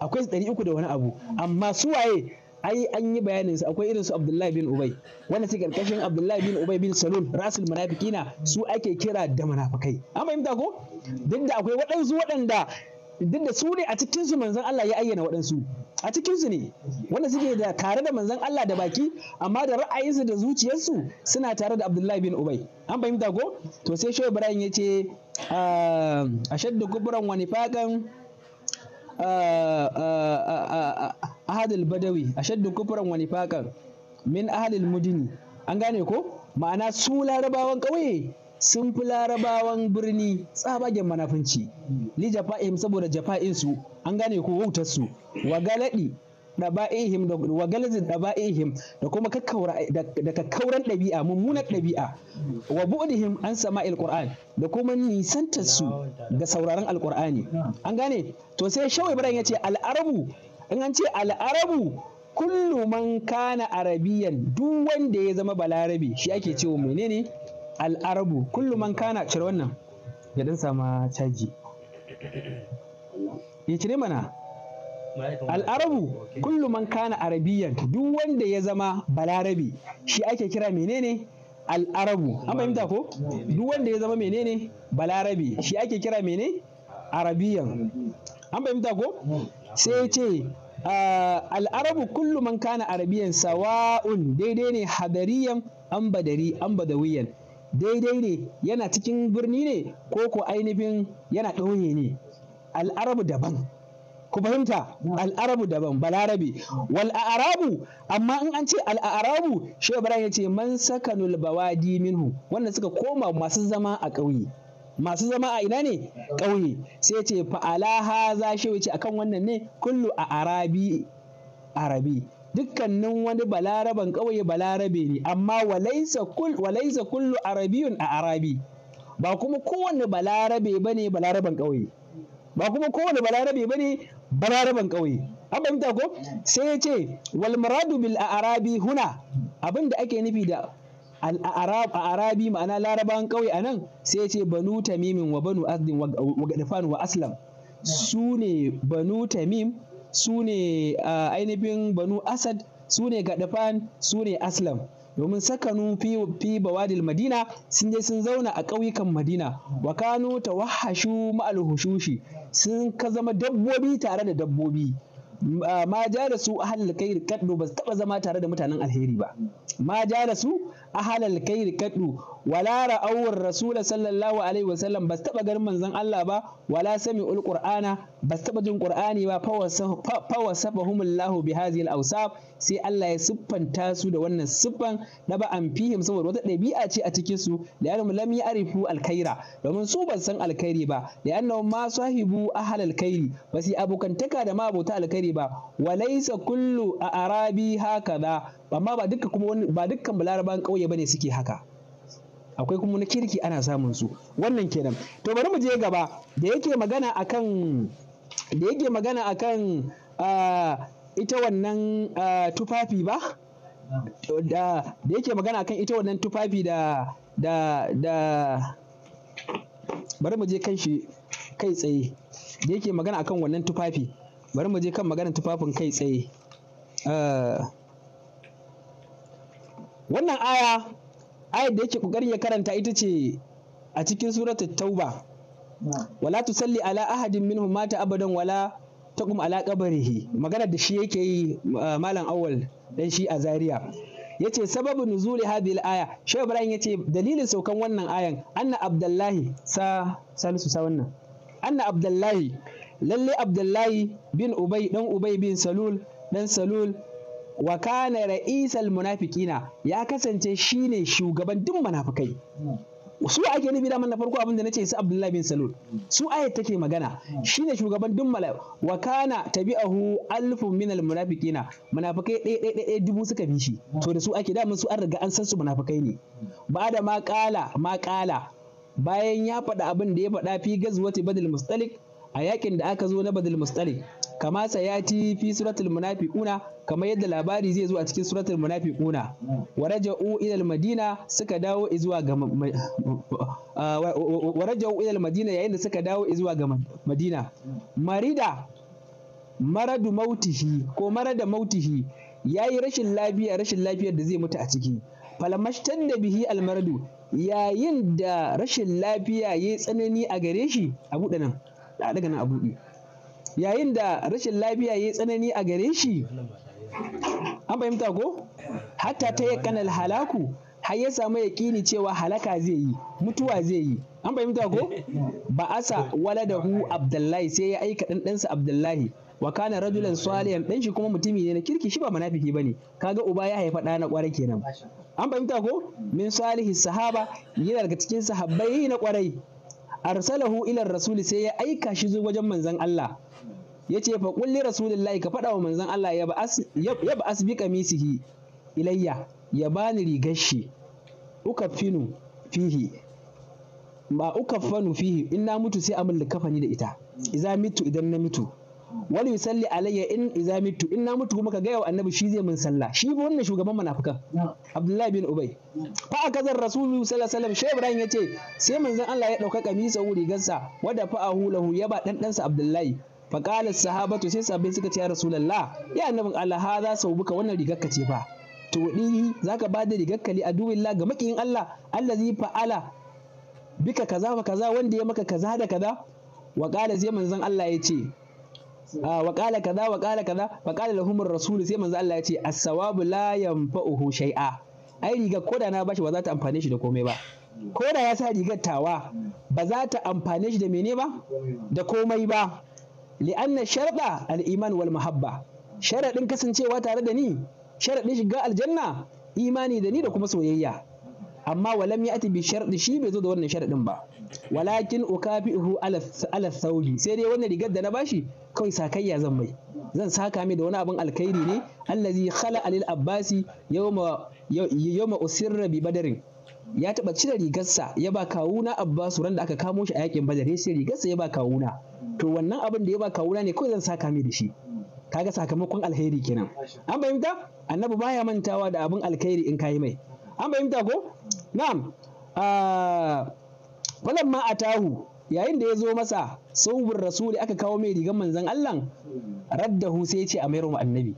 S1: akwai su ɗari uku da wani abu amma su waye ai an yi bayanin su akwai irin su Abdullahi bin Ubay wanda su karkashin Abdullahi bin Ubay bin Salul rasul munafikina su ake kira da munafikai an fahimta ko duk da akwai waɗansu waɗanda duk da su ne a cikin su manzon Allah ya ayyana waɗansu a cikinsu ne wanda suke da tare da manzon Allah da baki amma da ra'ayinsu da zuciyarsu suna tare da Abdullahi bin Ubay an fahimta ko to sai Shehu Ibrahim ya ce a shaddu wani faƙan ahadul badawi a shaddu kuburan wani faƙan min ahadul mudini an gane ko ma'ana su larabawan ƙauye sun fi larabawan birni tsabagen manafinci li jafa'ihim saboda jafa'insu an gane ko wautarsu wa galadi daba'ihim da wa galazin daba'ihim da kuma kakkaura da kakkauran ɗabi'a mummunar ɗabi'a wa bu'dihim an sama alquran da kuma nisantar su da sauraron alqur'ani an gane to sai shawai ya yace al'arabu in an ce al'arabu kullu man kana arabiyan duk wanda ya zama Balarabi, shi ake cewa menene al'arabu kullum man kana cire wannan ya dan sama caji ya cire mana al'arabu kullum man kana arabiyan duk wanda ya zama balarabi shi ake kira menene al'arabu an fahimta ko duk wanda ya zama menene balarabi shi ake kira mene arabiyan an fahimta ko sai ce ah, al'arabu kullum man kana arabiyan sawa'un daidai ne hadariyan an badari an badawiyan daidai ne yana cikin birni ne ko ko ainihin yana ɗauye ne al'arabu daban ku fahimta al'arabu daban balarabe wal arabu amma in an ce al'arabu! arabu shi ibrahim yace man sakanul bawadi minhu wanda suka koma masu zama a ƙauye masu zama a ina ne ƙauye sai ya ce fa'ala haza shi wuce akan wannan ne kullu a arabi arabi dukkanin wani balaraban ƙauye balarabe ne amma walaisa kullu arabiyun a arabi ba kuma kowane balarabe ba ne balaraban ƙauye ba kuma kowane balarabe ba ne balaraban ƙauye an fahimta ko sai ya ce wal muradu bil arabi huna abin da ake nufi da al arabi ma'ana larabawan ƙauye anan sai ya ce banu tamimin wa banu azdin wa gadfan wa aslam su ne banu tamim su ne ainihin banu asad su ne gadafan su ne aslam domin sakanu fi bawadil madina sun je sun zauna a ƙauyukan madina wa kanu tawahashu ma'al hushushi sun ka zama dabbobi tare da dabbobi ma ja da su halin kai kaddo ba su taba zama tare da mutanen alheri ba ma ja da su ahalal kairi kadu wala ra'awar rasul sallallahu alaihi wasallam ba taba ganin manzon Allah ba wala sami qur'ana ba taba jin qur'ani ba fa wasafahumullahu bi hadhihi al-awsaf sai Allah ya siffanta su da wannan siffan Da ba an fihim saboda wata ɗabi'a ce a cikin su da yana lam ya'rifu al-kaira domin su ban san alkhairi ba da yana ma sahibu ahalal kairi ba su abokantaka da ma abota alkhairi ba walaysa kullu a arabi ba. amma ba dukkan kuma ba dukkan balaraban kauye bane suke haka akwai kuma na kirki ana samun su wannan kenan to bari mu je gaba da yake magana akan da yake magana akan ita wannan tufafi ba da yake magana akan ita wannan tufafi da da da bari mu je kan shi kai tsaye da yake magana akan wannan tufafi bari mu je kan maganar tufafin kai tsaye wannan aya ayar da yake kokarin ya karanta ita ce a cikin suratul tauba wala tusalli ala ahadin minhum mata abadan wala taqum ala qabrihi magana da shi yake yi malam awwal dan shi a zaria yace sababu nuzuli hadhihi al-aya Ibrahim yace dalilin saukan wannan ayan anna Abdullahi sa salisu sa wannan anna Abdullahi lalle Abdullahi bin Ubay dan Ubay bin Salul dan Salul wa kana ra'isal munafiqina ya kasance shine shugaban duk munafikai su ake nufi da na farko abin da nace su Abdullahi bin Salul su ayat take magana shine shugaban duk mala wa kana tabi'ahu alfu min al munafiqina munafikai ɗaya ɗaya ɗaya dubu suka bi shi to da su ake da su an riga an san su munafikai ne ba da ma qala bayan ya faɗa abin da ya faɗa fi gazwati Badal mustalik a yakin da aka zo na Badal mustalik kama sayati fi suratul munafiquna kamar yadda labari zai zo a cikin suratul munafiquna waraja'u ila madina suka dawo zuwa ga waraja'u ila yayin da suka dawo zuwa ga madina marida maradu mautihi ko marada mautihi yayi rashin lafiya rashin lafiyar da zai mutu a ciki falamashtan da bihi almaradu yayin da rashin lafiya yayi tsanani a gare shi a buɗe nan daga nan a buɗe yayin da rashin lafiya ya yi tsanani a gare shi an fahimta ko hatta ta yi kanal halaku har ya samu yaƙini cewa halaka zai yi mutuwa zai yi an fahimta ko ba asa hu abdullahi sai ya aika ɗanɗansa abdullahi wa kana rajulan salihan ɗanshi shi kuma mutumi ne na kirki shi ba munafiki bane kaga uba ya haifa ɗa na ƙwarai kenan an fahimta ko min salihi sahaba yana daga cikin sahabbai na ƙwarai arsalahu ila rasuli sai ya aika shi zuwa wajen manzon Allah yace fa kulli ka faɗa wa manzon Allah ya ba ya ba'as ilayya ya bani rigar shi finu fihi ba fanu fihi in na mutu sai amin fani da ita Iza mitu idan na mutu. Wani yusalli alayya in idza mitu in na mutu kuma ka ga yau annabi shi zai mun sallah shi ba wannan shugaban munafikan abdullahi bin ubay fa akazar rasulullahi sallallahu alaihi wasallam shi ibrahim yace sai manzon Allah ya dauka kamisa rigarsa wada fa'ahu lahu ya ba dan sa abdullahi fa qala sahabatu sai sabbin suka ce ya rasulullah ya annabi Allah sau buka wannan rigarka ce fa to ni zaka ba da rigarka li aduwillah ga makiyin Allah allazi fa'ala bika kaza fa kaza wanda ya maka kaza da kaza wa qala sai manzon Allah ya ce Ah, Waƙala qala kaza wa qala kaza wa qala lahum rasul sai manzo Allah ya ce as-sawabu la yanfa'uhu shay'a ai riga da na bashi ba za ta amfane shi da komai ba Ko da ya sa rigar tawa ba za ta amfane shi da mene ba da komai ba li'anna sharda al-iman wal mahabba sharadin kasancewa tare da ni Sharaɗin shiga aljanna imani da ni da kuma soyayya amma walam ya bi sharɗi shi bai zo da wannan sharɗin ba walakin ukafihu ala sauri sai dai wannan rigar da na bashi kawai sakayya zan mai zan saka mai da wani abin alkhairi ne allazi khala alil abbasi yawma yawma usirra bi badarin ya taba cire rigarsa ya ba kawuna abbasu ran da aka kamo shi a yakin badar ya ce rigarsa ya ba kawuna to wannan abin da ya ba kawuna ne kawai zan saka mai da shi kaga sakamakon alheri kenan an bayyanta annabi baya mantawa da abin alkhairi in kayi mai an fahimta ko na'am wannan ah, ma a tahu yayin da ya zo masa saubin rasuli aka kawo mai rigar manzan allan raddahu sai ya ce a mayar wa annabi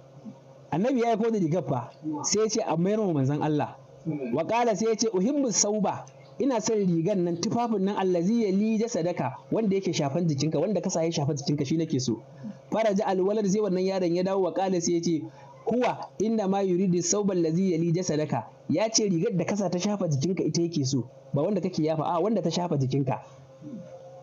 S1: annabi ya yi da rigar fa sai ce a mayar wa manzan Allah sai ya ce uhibbu sauba ina son rigar nan tufafin nan allazi ya li da sadaka wanda yake shafan jikinka wanda ka sa ya shafa jikinka shi nake so faraja alwalad sai wannan yaron ya dawo wa sai ce huwa inna ma yuridu sauban lazi yali jasadaka ya ce rigar da kasa ta shafa jikinka ita yake so ba wanda kake yafa a wanda ta shafa jikinka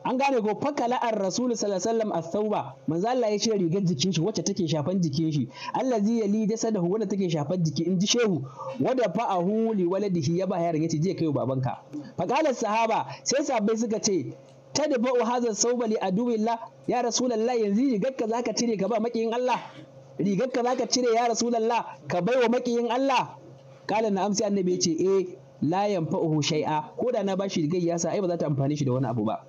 S1: an gane ko fakala ar rasul sallallahu alaihi manzo Allah ya ce rigar jikin shi wacce take shafan jikin shi allazi yali jasadahu wanda take shafan jiki in ji shehu wada fa'ahu li waladihi ya ba yaran yace je kai babanka fakala sahaba sai sahabbai suka ce tadba'u hadha sauba li aduwillah ya rasulullahi yanzu rigar ka zaka cire ka ba makiyin Allah rigar ka zaka cire ya rasulallah ka bai wa makiyin Allah kala na amsi annabi yace eh la yanfa'uhu shay'a ko da na bashi rigar ya sa ai ba za ta amfani shi da wani abu ba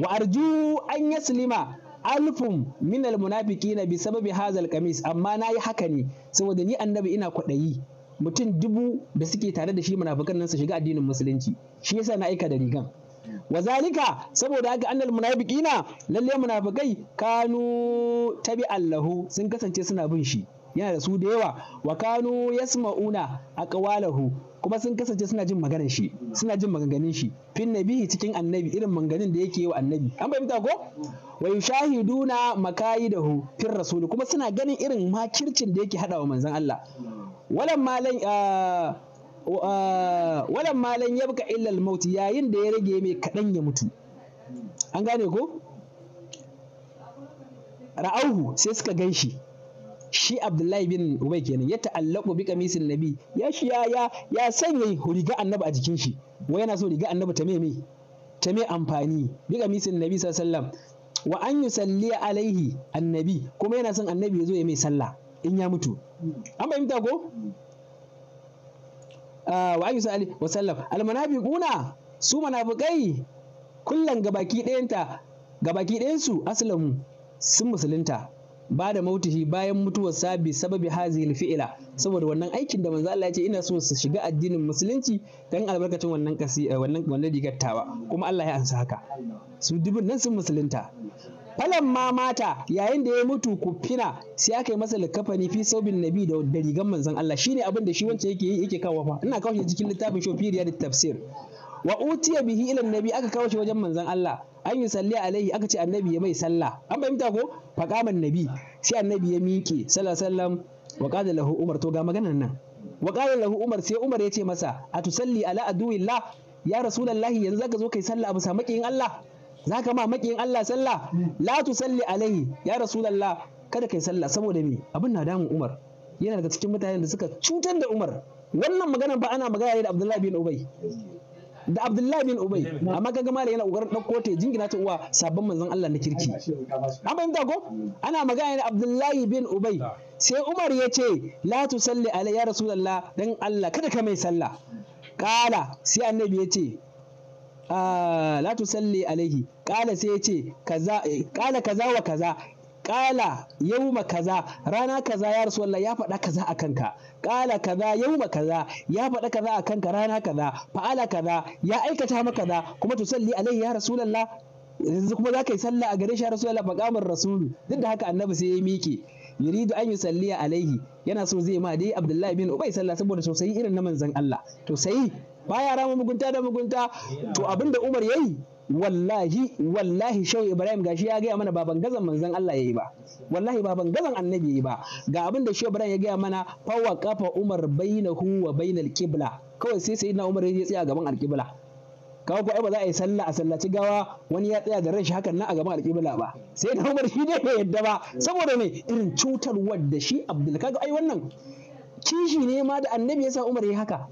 S1: wa arju an yaslima alfum min almunafiqina bi sababi hazal kamis amma nayi haka ne saboda ni annabi ina kwaɗayi mutum dubu da suke tare da shi munafikan nan su shiga addinin musulunci shi yasa na aika da rigan wa zalika saboda haka annal munafiqina lalle munafikai kanu tabi allahu sun kasance suna bin shi yana da su da yawa wa kanu yasma'una aqwalahu kuma sun kasance suna jin maganar shi suna jin maganganun shi fin nabihi cikin annabi irin maganganun da yake yi wa annabi an fahimta ko wa yushahiduna makaidahu fir rasul kuma suna ganin irin makircin da yake hadawa wa manzon Allah walamma lan ah, walan malan yabka illal mauti yayin da ya rage mai kaɗan ya mutu an gane ko ra'auhu sai suka gan shi shi abdullahi bin ubay kenan ya ta'allaku bi kamisin nabi ya shi ya ya ya sanya riga annabi a jikin shi wai yana so riga annabi ta meme ta me amfani bi kamisin nabi sallallahu wa an yusalli alaihi annabi kuma yana son annabi ya zo ya mai sallah in ya mutu an fahimta ko Ah, wa ayyusa ali wa sallam almanabiquna su manafiqai kullan gabaki ɗayanta gabaki ɗayansu aslamu sun musulunta ba da mautihi bayan mutuwar sabi sababi hazil fi'ila saboda wannan aikin da manzo Allah ya ce ina so su shiga addinin musulunci dan albarkacin wannan kasi wannan wannan digattawa kuma Allah ya ansa haka su dubin nan sun musulunta falan ma mata yayin da ya mutu kufina sai aka yi masa likafani fi saubin nabi da rigan manzon Allah shine abin da shi wancan yake yi yake kawo fa ina kawo shi cikin littafin shofiriya da tafsir wa utiya bihi ila nabi aka kawo shi wajen manzon Allah an yi salli alaihi aka ce annabi ya mai sallah an fahimta ko faqaman nabi sai annabi ya miƙe sallallahu alaihi wa qala lahu umar to ga maganar nan wa qala lahu umar sai umar ya ce masa atusalli ala aduwillah ya rasulullahi yanzu zaka zo kai sallah abu sa makiyin Allah za ka ma Allah sallah la tu salli alaihi ya rasulullah kada kai sallah saboda me abin na damun Umar yana daga cikin mutanen da suka cutar da Umar wannan magana ba ana magana da Abdullahi bin Ubay da Abdullahi bin Ubay amma kaga mala yana kokarin dauko ta jingina ta uwa sabon manzon Allah na kirki amma fahimta ko ana magana da Abdullahi bin Ubay sai Umar ya ce la tu salli alaihi ya rasulullah dan Allah kada ka mai sallah kala sai annabi ya ce la tusalli alaihi qala sai yace kaza eh, qala kaza wa kaza kaza rana kaza ya rasulullah ya faɗa kaza a kanka kaza kaza ya faɗa kaza a kanka rana kaza fa'ala kaza ya aikata maka kaza kuma tusalli alaihi ya rasulullah yanzu kuma za ka yi sallah a gare shi ya rasulullah maqamar rasulu duk da haka annabi sai ya miƙe yuridu an salliya alaihi yana so zai ma dai abdullahi bin ubay sallah saboda tausayi irin na manzon Allah To ba baya rama mugunta da mugunta to abinda Umar yayi wallahi wallahi shau Ibrahim gashi ya gaya mana baban gazan manzon Allah yayi ba wallahi baban gazan annabi yayi ba ga abinda shau Ibrahim ya gaya mana fawa kafa Umar bainahu wa bainal qibla kawai sai sayyidina Umar ya tsaya gaban alqibla kawo ko ba za a yi sallah a sallaci gawa wani ya tsaya da ran shi hakan nan a gaban alƙibla ba sai na Umar shi ne bai yadda ba saboda me irin cutarwar da shi Abdul kaga ai wannan kishi ne ma da annabi ya sa Umar ya haka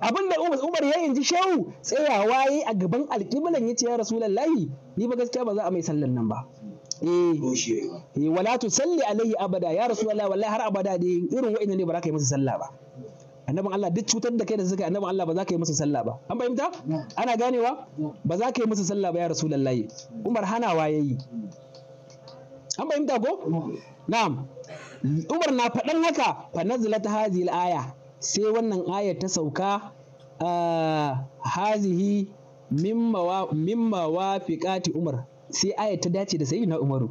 S1: abin da Umar ya ji shehu tsayawa yi a gaban alƙiblan ya ce ya rasulallahi ni ba gaskiya ba za a mai sallan nan ba
S2: eh, eh
S1: wala tusalli salli alaihi abada ya rasulallahi wallahi har abada dai irin wa'annan ne ba za ka yi masa sallah ba annabin Allah duk cutar da kai da suka annabin Allah ba za ka yi musu sallah ba an fahimta ana ganewa ba za ka yi musu sallah ba ya rasulullahi Umar hanawa yayi an fahimta ko na'am Umar na faɗan haka fa nazalat hadhihi al-aya sai wannan ayar ta sauka ah, hazihi mimma mimma fiqati Umar sai ayar ta dace da sayyidina Umaru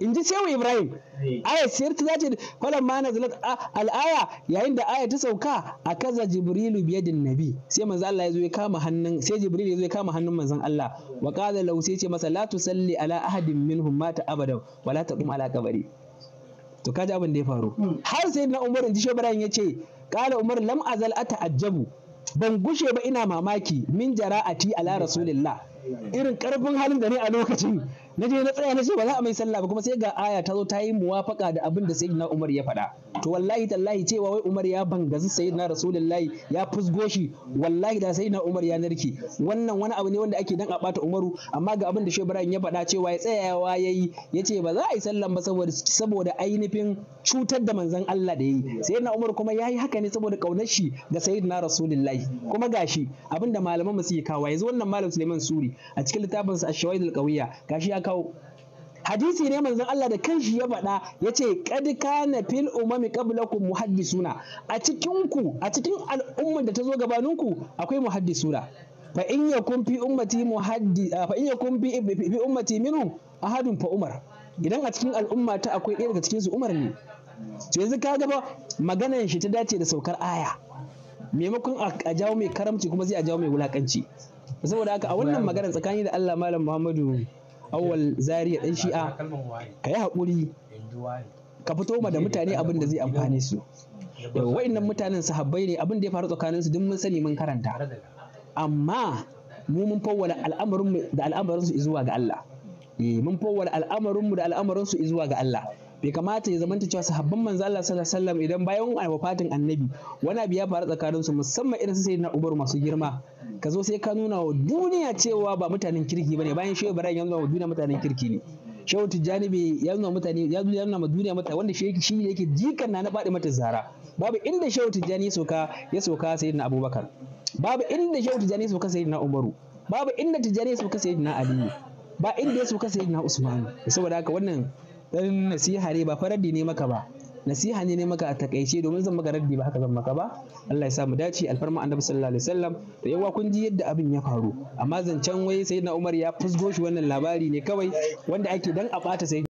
S1: in ji sai ibrahim Aya sai ta ta falan ma na zalat al'aya yayin da aya ta sauka a kaza jibrilu biyadin nabi sai manzo Allah ya zo ya kama hannun sai jibril ya zo ya kama hannun manzon Allah wa qala law sai ce masa la tusalli ala ahadin minhum mata abada wa la taqum ala qabri to kaji abin da ya faru hmm. har sai na umar in ji shehu ibrahim ya ce qala umar lam azal ata'ajjabu ban gushe ba ina mamaki min jara'ati ala hmm. rasulillah irin karfin halin da ne a lokacin na je na tsaya na ce ba za a mai sallah ba kuma sai ga aya ta zo ta yi muwafaka da abin da sayyidina Umar ya faɗa to wallahi tallahi cewa wai Umar ya bangazi sayyidina Rasulullahi ya fusgo shi wallahi da sayyidina Umar ya narke wannan wani abu ne wanda ake dan a bata Umaru amma ga abin da Shehu Ibrahim ya faɗa cewa ya tsayawa yayi ce ba za a yi sallan ba saboda saboda ainihin cutar da manzon Allah da yayi sayyidina Umar kuma ya yi haka ne saboda kaunar shi ga sayyidina Rasulullahi kuma gashi abin da malaman mu yi kawai yanzu wannan malam Suleiman Suri a cikin littafinsa Ash-Shawaid al-Qawiyya gashi kawo hadisi ne manzon Allah da kanshi ya faɗa ya ce kad kana fil umami qablakum muhaddisuna a cikin ku a cikin al'ummar da ta zo gabaninku akwai muhaddisuna fa in yakun fi ummati muhaddi fa in yakun fi ummati ahadun fa umar idan a cikin al'umma ta akwai ɗaya daga cikin umar ne to yanzu ka gaba maganar shi ta dace da saukar aya maimakon a jawo mai karamci kuma zai a jawo mai wulakanci saboda haka a wannan maganar tsakani da Allah malam Muhammadu awwal zariya dan shi'a ka yi haƙuri ka fito ma da mutane abin da zai amfane su wa'annan mutanen sahabbai ne abin da ya faru tsakanin su duk mun sani mun karanta amma mu mun fawwala al'amarin da al'amarin su zuwa zuwa ga Allah eh, bai kamata ya zamanta cewa sahabban manzo Allah sallallahu alaihi wasallam idan bayan an wafatin annabi wani abu ya faru tsakanin su musamman irin sai na ubar masu girma ka zo sai ka nuna wa duniya cewa ba mutanen kirki bane bayan shehu ibrahim ya nuna wa duniya mutanen kirki ne shehu tijjani bai ya nuna mutane ya nuna ma duniya mutane wanda shehu shi yake jikan na na faɗi mata zara babu inda shehu tijjani ya soka ya soka na abubakar babu inda shehu tijjani ya soka na umaru babu inda tijjani ya soka na aliyu ba inda ya soka na usman saboda haka wannan dan nasiha ne ba faraddi ne maka ba nasiha ne ne maka a takaice domin zan maka raddi ba haka zan maka ba Allah ya sa mu dace alfarma annabi sallallahu alaihi wasallam da yawa kun ji yadda abin ya faru amma zancen wai sayyidina Umar ya fusgo shi wannan labari ne kawai wanda ake dan a bata sai